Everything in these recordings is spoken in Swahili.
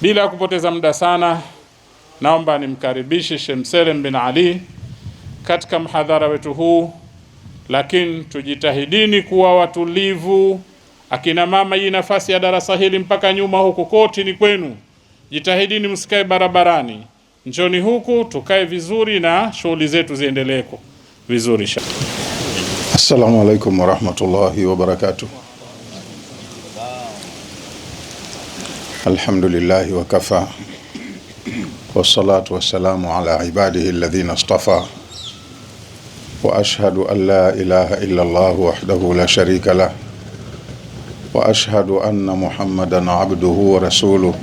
Bila kupoteza muda sana, naomba nimkaribishe Sheikh mselem bin Ali katika mhadhara wetu huu, lakini tujitahidini kuwa watulivu. Akina mama, hii nafasi ya darasa hili mpaka nyuma huku koti ni kwenu. Jitahidini msikae barabarani, njoni huku tukae vizuri na shughuli zetu ziendelee vizuri. Assalamu alaikum warahmatullahi wabarakatuh. الحمد لله وكفى والصلاة والسلام على عباده الذين اصطفى وأشهد أن لا إله إلا الله وحده لا شريك له وأشهد أن محمدا عبده ورسوله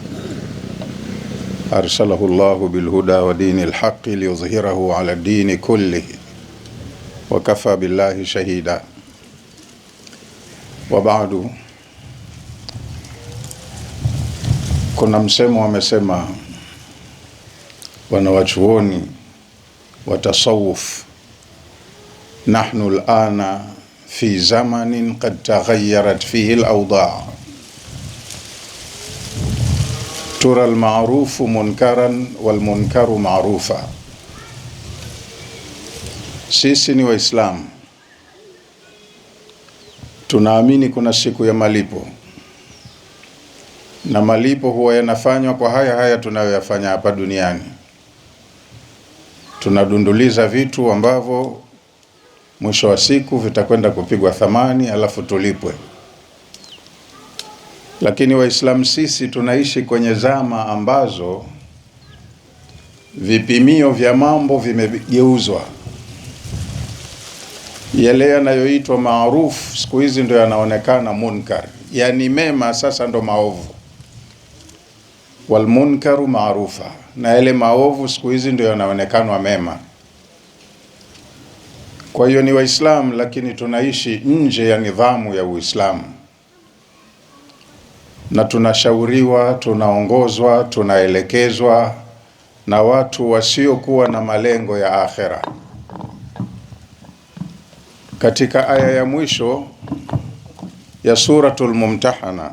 أرسله الله بالهدى ودين الحق ليظهره على الدين كله وكفى بالله شهيدا وبعد Kuna msemo wamesema wanawachuoni wa tasawuf, nahnu lana fi zamanin qad taghayyarat fihi alawda' tura almarufu munkaran walmunkaru marufa. Sisi ni Waislamu, tunaamini kuna siku ya malipo na malipo huwa yanafanywa kwa haya haya tunayoyafanya hapa duniani. Tunadunduliza vitu ambavyo mwisho wa siku vitakwenda kupigwa thamani, alafu tulipwe. Lakini Waislamu sisi tunaishi kwenye zama ambazo vipimio vya mambo vimegeuzwa. Yale yanayoitwa maarufu siku hizi ndio yanaonekana munkar, yani mema sasa ndo maovu walmunkaru maarufa, na yale maovu siku hizi ndio yanaonekanwa mema. Kwa hiyo ni Waislamu, lakini tunaishi nje ya nidhamu ya Uislamu na tunashauriwa, tunaongozwa, tunaelekezwa na watu wasiokuwa na malengo ya akhera. Katika aya ya mwisho ya Suratul Mumtahana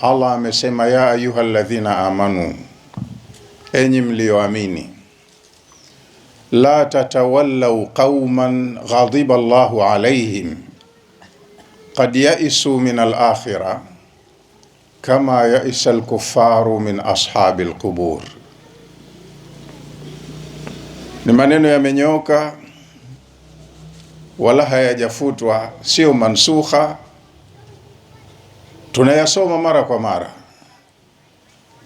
Allah amesema ya ayuha alladhina amanu, enyi mlioamini, la tatawallau qauman ghadiba Allahu alaihim qad yaisu min alakhira kama yaisa alkufaru min ashabi alqubur. Ni maneno yamenyoka wala hayajafutwa, sio mansukha tunayasoma mara kwa mara,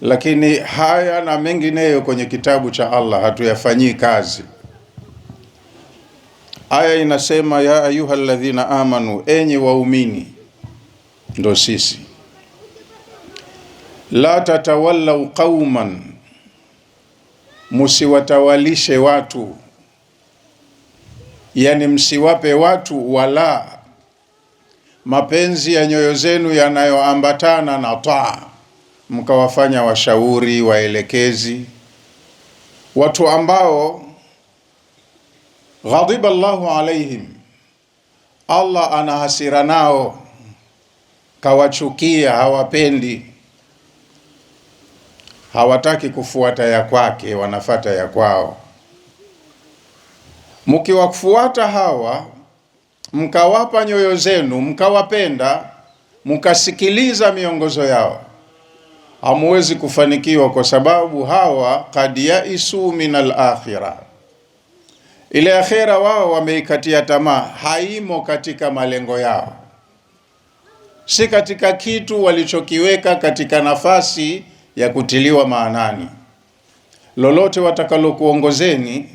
lakini haya na mengineyo kwenye kitabu cha Allah hatuyafanyii kazi. Aya inasema ya ayuha alladhina amanu, enyi waumini, ndo sisi. La tatawallau qauman, musiwatawalishe watu, yani msiwape watu wala mapenzi ya nyoyo zenu yanayoambatana na taa, mkawafanya washauri, waelekezi, watu ambao ghadhiba llahu alaihim, Allah ana hasira nao, kawachukia, hawapendi, hawataki kufuata ya kwake, wanafata ya kwao. Mkiwafuata hawa mkawapa nyoyo zenu, mkawapenda, mkasikiliza miongozo yao, hamuwezi kufanikiwa, kwa sababu hawa kad yaisu min alakhira, ile akhira wao wameikatia tamaa, haimo katika malengo yao, si katika kitu walichokiweka katika nafasi ya kutiliwa maanani. Lolote watakalokuongozeni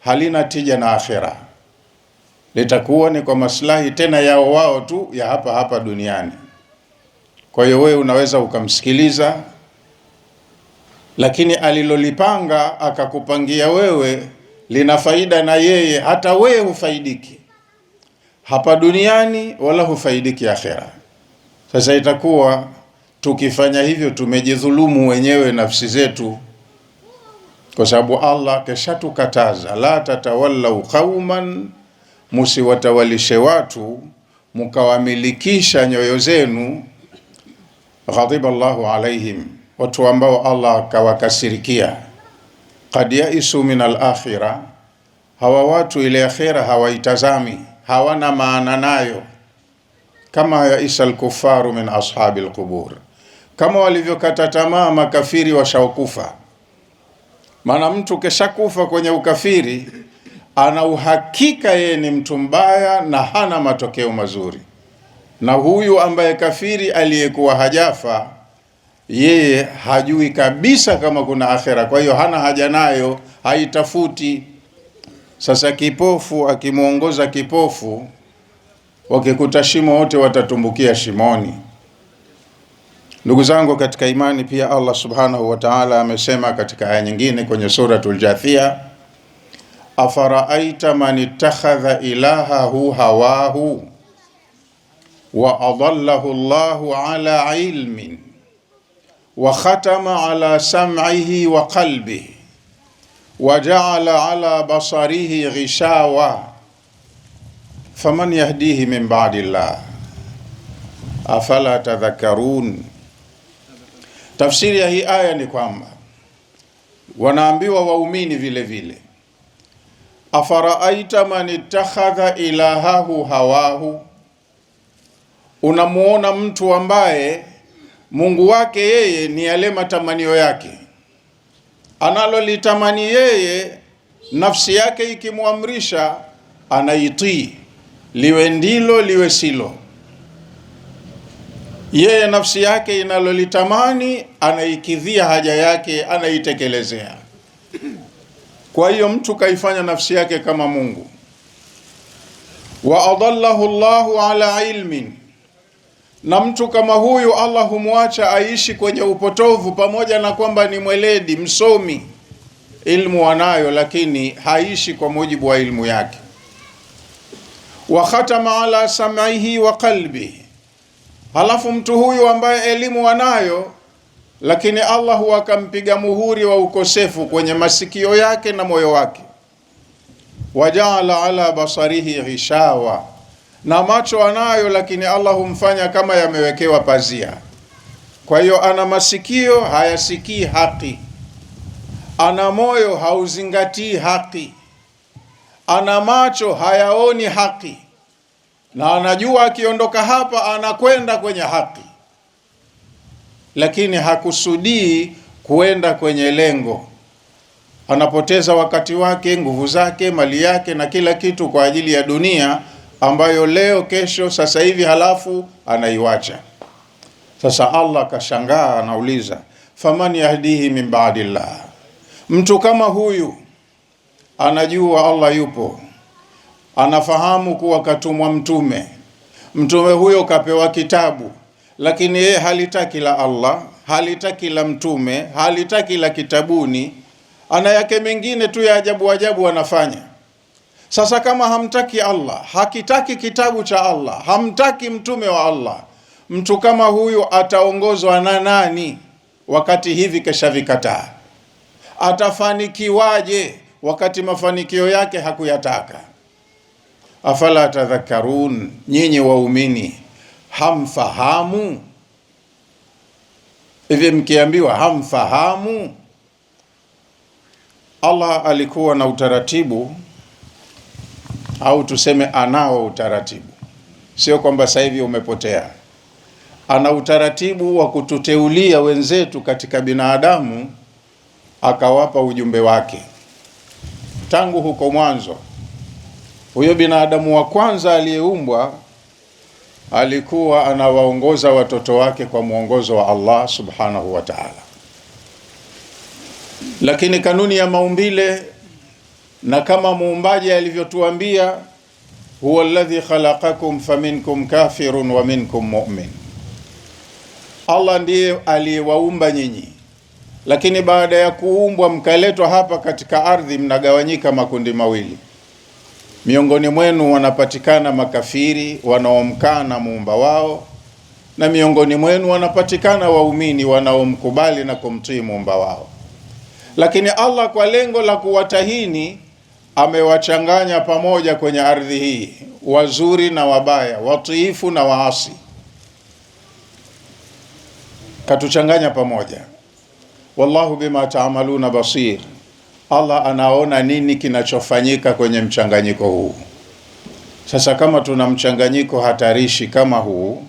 halina tija na akhira litakuwa ni kwa maslahi tena yao wao tu ya hapa hapa duniani. Kwa hiyo wewe unaweza ukamsikiliza, lakini alilolipanga akakupangia wewe lina faida na yeye, hata wewe hufaidiki hapa duniani wala hufaidiki akhera. Sasa itakuwa tukifanya hivyo tumejidhulumu wenyewe nafsi zetu, kwa sababu Allah keshatukataza, la tatawallau qauman musiwatawalishe watu mukawamilikisha nyoyo zenu, ghadhiba Allahu alaihim, watu ambao Allah akawakasirikia. Qad yaisu min alakhira, hawa watu ile akhira hawaitazami, hawana maana nayo, kama yaisa alkufaru min ashabi alqubur, kama walivyokata tamaa makafiri washaokufa. Maana mtu keshakufa kwenye ukafiri ana uhakika yeye ni mtu mbaya na hana matokeo mazuri. Na huyu ambaye kafiri aliyekuwa hajafa, yeye hajui kabisa kama kuna akhera, kwa hiyo hana haja nayo, haitafuti. Sasa kipofu akimwongoza kipofu, wakikuta shimo wote watatumbukia shimoni. Ndugu zangu katika imani, pia Allah subhanahu wa ta'ala amesema katika aya nyingine kwenye Suratul Jathia afaraaita man ittakhadha ilahahu hawahu wa adallahu Allahu ala ilmin wa khatama ala sam'ihi wa qalbihi wa ja'ala ala basarihi ghishawa faman yahdihi min ba'di Allah afala tadhakkarun. Tafsiri ya hii aya ni kwamba wanaambiwa waumini vile vile afaraaita man ittakhadha ilahahu hawahu, unamuona mtu ambaye mungu wake yeye ni yale matamanio yake analolitamani yeye, nafsi yake ikimwamrisha anaitii, liwe ndilo liwe silo. Yeye nafsi yake inalolitamani anaikidhia haja yake, anaitekelezea. Kwa hiyo mtu kaifanya nafsi yake kama Mungu. Wa adallahu Allahu ala ilmin, na mtu kama huyu Allah humwacha aishi kwenye upotovu, pamoja na kwamba ni mweledi msomi, ilmu anayo, lakini haishi kwa mujibu wa ilmu yake. Wa khatama ala sam'ihi wa qalbi, halafu mtu huyu ambaye elimu anayo lakini Allah huwa akampiga muhuri wa ukosefu kwenye masikio yake na moyo wake. Wajaala ala basarihi ghishawa, na macho anayo, lakini Allah humfanya kama yamewekewa pazia. Kwa hiyo ana masikio hayasikii haki, ana moyo hauzingatii haki, ana macho hayaoni haki, na anajua akiondoka hapa anakwenda kwenye haki lakini hakusudii kuenda kwenye lengo, anapoteza wakati wake, nguvu zake, mali yake na kila kitu kwa ajili ya dunia ambayo leo, kesho, sasa hivi, halafu anaiwacha. Sasa Allah kashangaa, anauliza faman yahdihi min ba'dillah, mtu kama huyu anajua Allah yupo, anafahamu kuwa katumwa mtume, mtume huyo kapewa kitabu lakini yeye halitaki la Allah, halitaki la mtume, halitaki la kitabuni, ana yake mengine tu ya ajabu ajabu anafanya. Sasa kama hamtaki Allah, hakitaki kitabu cha Allah, hamtaki mtume wa Allah, mtu kama huyu ataongozwa na nani wakati hivi keshavikataa? Atafanikiwaje wakati mafanikio yake hakuyataka? Afala tadhakkarun, nyinyi waumini hamfahamu? Hivi mkiambiwa hamfahamu? Allah alikuwa na utaratibu au tuseme anao utaratibu, sio kwamba sasa hivi umepotea. Ana utaratibu wa kututeulia wenzetu katika binadamu, akawapa ujumbe wake tangu huko mwanzo. Huyo binadamu wa kwanza aliyeumbwa alikuwa anawaongoza watoto wake kwa mwongozo wa Allah subhanahu wa ta'ala. Lakini kanuni ya maumbile na kama muumbaji alivyotuambia, huwa alladhi khalaqakum faminkum kafirun wa minkum mu'min, Allah ndiye aliyewaumba nyinyi, lakini baada ya kuumbwa mkaletwa hapa katika ardhi, mnagawanyika makundi mawili Miongoni mwenu wanapatikana makafiri wanaomkana muumba wao, na miongoni mwenu wanapatikana waumini wanaomkubali na kumtii muumba wao. Lakini Allah kwa lengo la kuwatahini amewachanganya pamoja kwenye ardhi hii, wazuri na wabaya, watiifu na waasi, katuchanganya pamoja. Wallahu bima taamaluna basir. Allah anaona nini kinachofanyika kwenye mchanganyiko huu. Sasa kama tuna mchanganyiko hatarishi kama huu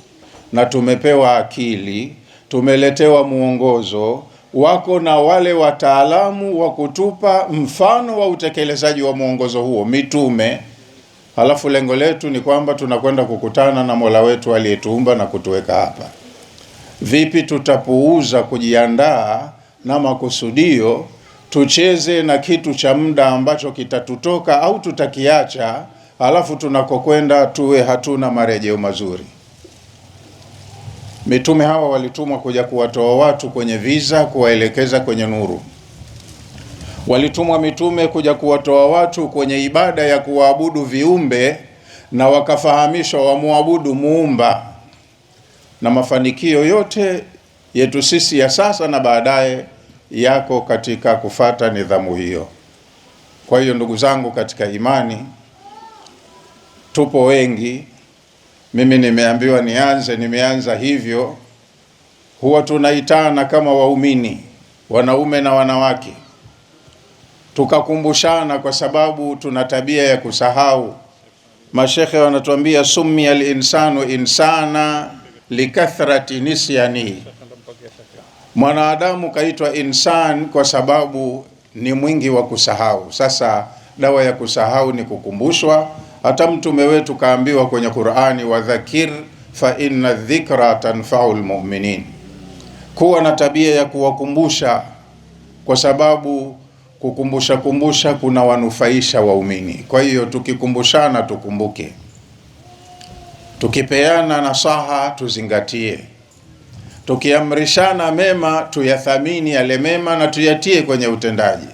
na tumepewa akili, tumeletewa mwongozo, wako na wale wataalamu wa kutupa mfano wa utekelezaji wa mwongozo huo, mitume. Halafu lengo letu ni kwamba tunakwenda kukutana na Mola wetu aliyetuumba na kutuweka hapa. Vipi tutapuuza kujiandaa na makusudio tucheze na kitu cha muda ambacho kitatutoka au tutakiacha, alafu tunakokwenda tuwe hatuna marejeo mazuri. Mitume hawa walitumwa kuja kuwatoa watu kwenye viza, kuwaelekeza kwenye nuru. Walitumwa mitume kuja kuwatoa watu kwenye ibada ya kuwaabudu viumbe, na wakafahamishwa wamwabudu Muumba. Na mafanikio yote yetu sisi ya sasa na baadaye yako katika kufata nidhamu hiyo. Kwa hiyo ndugu zangu katika imani, tupo wengi. Mimi nimeambiwa nianze, nimeanza hivyo. Huwa tunaitana kama waumini, wanaume na wanawake, tukakumbushana, kwa sababu tuna tabia ya kusahau. Mashekhe wanatuambia sumia linsanu insana likathrati nisyanihi Mwanadamu kaitwa insan kwa sababu ni mwingi wa kusahau. Sasa dawa ya kusahau ni kukumbushwa. Hata mtume wetu kaambiwa kwenye Qur'ani, wadhakir fa inna dhikra tanfau lmuminin, kuwa na tabia ya kuwakumbusha, kwa sababu kukumbusha kumbusha kuna wanufaisha waumini. Kwa hiyo tukikumbushana tukumbuke, tukipeana nasaha tuzingatie tukiamrishana mema tuyathamini yale mema na tuyatie kwenye utendaji,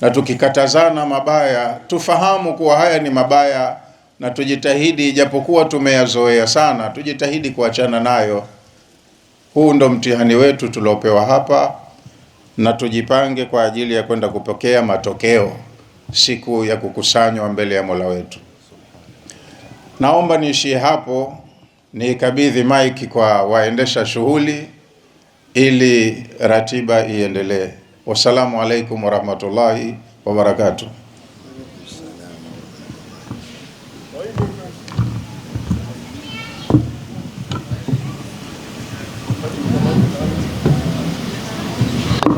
na tukikatazana mabaya tufahamu kuwa haya ni mabaya na tujitahidi, ijapokuwa tumeyazoea sana, tujitahidi kuachana nayo. Huu ndo mtihani wetu tuliopewa hapa, na tujipange kwa ajili ya kwenda kupokea matokeo siku ya kukusanywa mbele ya Mola wetu. Naomba niishie hapo nikabidhi maiki kwa waendesha shughuli ili ratiba iendelee. Wassalamu alaikum warahmatullahi wabarakatuh.